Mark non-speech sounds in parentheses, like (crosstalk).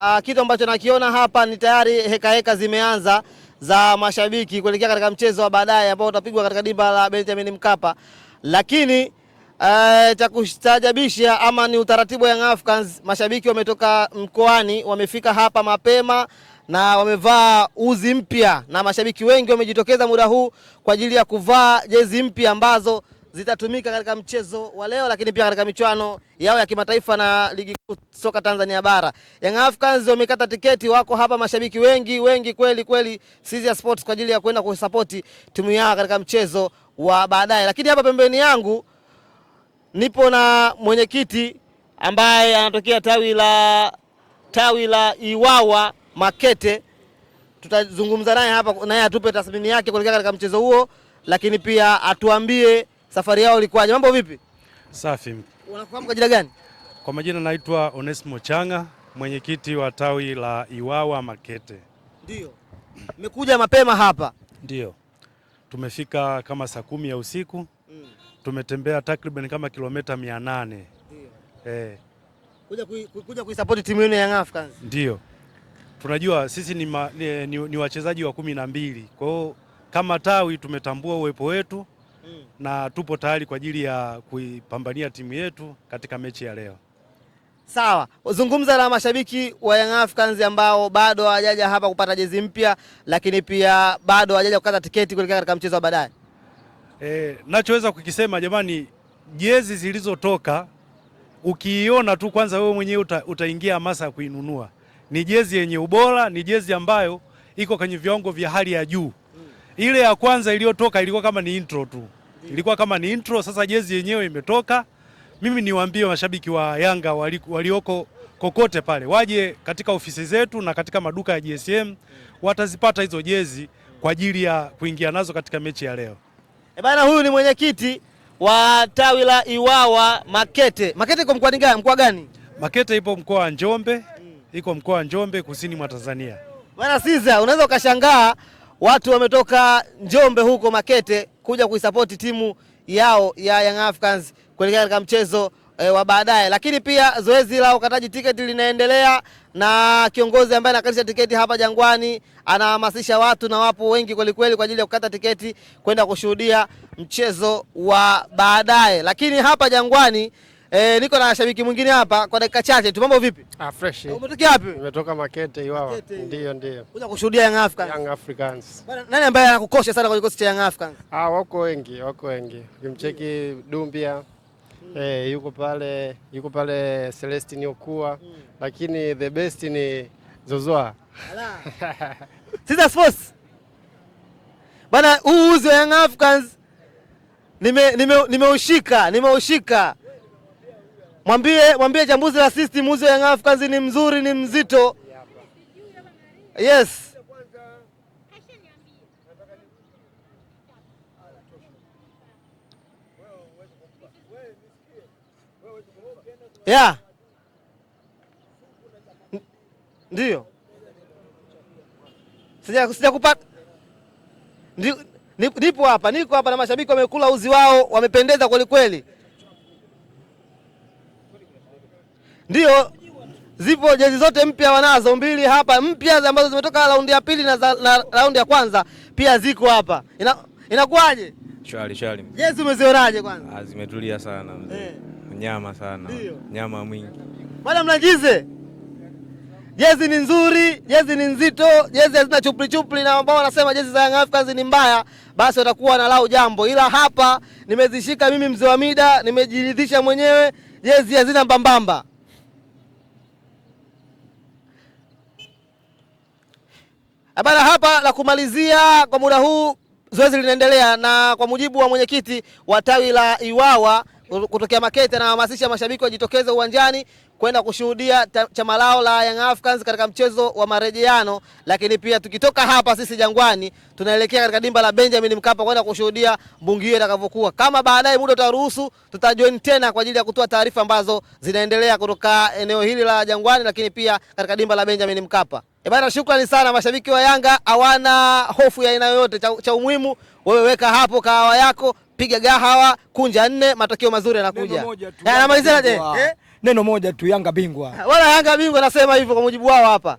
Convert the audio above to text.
Uh, kitu ambacho nakiona hapa ni tayari heka heka zimeanza za mashabiki kuelekea katika mchezo wa baadaye ambao utapigwa katika dimba la Benjamin Mkapa, lakini uh, cha kustajabisha ama ni utaratibu wa Young Africans, mashabiki wametoka mkoani wamefika hapa mapema na wamevaa uzi mpya, na mashabiki wengi wamejitokeza muda huu kwa ajili ya kuvaa jezi mpya ambazo zitatumika katika mchezo wa leo, lakini pia katika michuano yao ya kimataifa na ligi kuu soka Tanzania bara. Young Africans wamekata tiketi, wako hapa mashabiki wengi wengi kweli kweli Sizia Sports kwa ajili ya kwenda kusapoti timu yao katika mchezo wa baadaye. Lakini hapa pembeni yangu nipo na mwenyekiti ambaye anatokea tawi la tawi la Iwawa Makete. Tutazungumza naye hapa, naye atupe tathmini yake kuelekea katika mchezo huo, lakini pia atuambie Safari yao ilikuwaje? Mambo vipi? Safi. Unafahamu kwa jina gani? Kwa majina naitwa Onesimo Changa, mwenyekiti wa tawi la Iwawa Makete. Ndio. Mmekuja mapema hapa? Ndio. Tumefika kama saa kumi ya usiku mm. Tumetembea takriban kama kilomita 800. Ndio. eh. Kuja kuja kuisapoti timu yenu ya Africans. Ndio. Tunajua sisi ni, ma, ni, ni, ni wachezaji wa kumi na mbili, kwa hiyo kama tawi tumetambua uwepo wetu Mm. na tupo tayari kwa ajili ya kuipambania timu yetu katika mechi ya leo. Sawa, zungumza na mashabiki wa Young Africans ambao bado hawajaja hapa kupata jezi mpya, lakini pia bado hawajaja kukata tiketi kuelekea katika mchezo wa baadaye. E, nachoweza kukisema jamani, jezi zilizotoka ukiiona tu kwanza wewe mwenyewe uta, utaingia hamasa ya kuinunua. Ni jezi yenye ubora, ni jezi ambayo iko kwenye viwango vya hali ya juu. Mm. Ile ya kwanza iliyotoka ilikuwa kama ni intro tu, ilikuwa kama ni intro. Sasa jezi yenyewe imetoka. Mimi niwaambie mashabiki wa Yanga walioko kokote pale waje katika ofisi zetu na katika maduka ya GSM, watazipata hizo jezi kwa ajili ya kuingia nazo katika mechi ya leo. E bana, huyu ni mwenyekiti wa tawi la Iwawa Makete. Makete iko mkoa gani? Mkoa gani? Makete ipo mkoa wa Njombe, iko mkoa wa Njombe kusini mwa Tanzania. Bana Siza, unaweza ukashangaa watu wametoka Njombe huko Makete kuja kuisapoti timu yao ya Young Africans kuelekea katika mchezo e, wa baadaye. Lakini pia zoezi la ukataji tiketi linaendelea na kiongozi ambaye anakalisha tiketi hapa Jangwani anahamasisha watu na wapo wengi kwelikweli kwa ajili ya kukata tiketi kwenda kushuhudia mchezo wa baadaye. Lakini hapa Jangwani Eh, niko na shabiki mwingine hapa kwa dakika chache tu. Mambo vipi? Ah, fresh. Umetoka wapi? Umetoka Makete Iwawa. Ndio, ndio. Kuja kushuhudia Young Africans. Young Africans. Bana, nani ambaye anakukosha sana kwa kikosi cha Young Africans? Ah, wako wengi, wako wengi. Ukimcheki Dumbia mm. eh, yuko pale, yuko pale Celestine Okua mm. lakini the best ni Zozoa. Ala. (laughs) Sisa sports. Bana, huu uzi wa Young Africans nimeushika, nime, nime nimeushika. Mwambie, mwambie chambuzi la system uzo Young Africans ni mzuri, ni mzito. Yes. Yeah. Ndio. Sija sijakupata. Nipo hapa, niko hapa na mashabiki wamekula uzi wao, wamependeza kweli kweli. ndio zipo jezi zote mpya wanazo mbili hapa mpya ambazo zimetoka raundi ya pili na, za, na raundi ya kwanza pia ziko hapa. Ina, inakuwaje? Shwari shwari. Jezi umezionaje kwanza? Ah, zimetulia sana mzee. Eh. Nyama sana. Ndiyo. Nyama mwingi. Bwana Mlangize. Jezi ni nzuri, jezi ni nzito, jezi hazina chupli chupli, na ambao wanasema jezi za Young Africans ni mbaya, basi watakuwa na lao jambo. Ila hapa nimezishika mimi mzee wa mida, nimejiridhisha mwenyewe, jezi hazina mbambamba. Bana hapa la kumalizia kwa muda huu, zoezi linaendelea, na kwa mujibu wa mwenyekiti wa tawi la Iwawa kutokea Makete, anahamasisha mashabiki wajitokeze uwanjani kwenda kushuhudia chama lao la Young Africans katika mchezo wa marejeano, lakini pia tukitoka hapa sisi Jangwani tunaelekea katika dimba la Benjamin Mkapa kwenda kushuhudia mbungi hiyo itakavyokuwa. Kama baadaye muda utaruhusu, tutajoin tena kwa ajili ya kutoa taarifa ambazo zinaendelea kutoka eneo hili la Jangwani, lakini pia katika dimba la Benjamin Mkapa. E bana, shukrani sana. Mashabiki wa Yanga hawana hofu ya aina yoyote. Cha, cha umuhimu wewe weka hapo kahawa yako, piga gahawa, kunja nne, matokeo mazuri yanakuja. Eh, Anamalizia eh? neno moja tu, Yanga bingwa. Wala Yanga bingwa, nasema hivyo kwa mujibu wao hapa.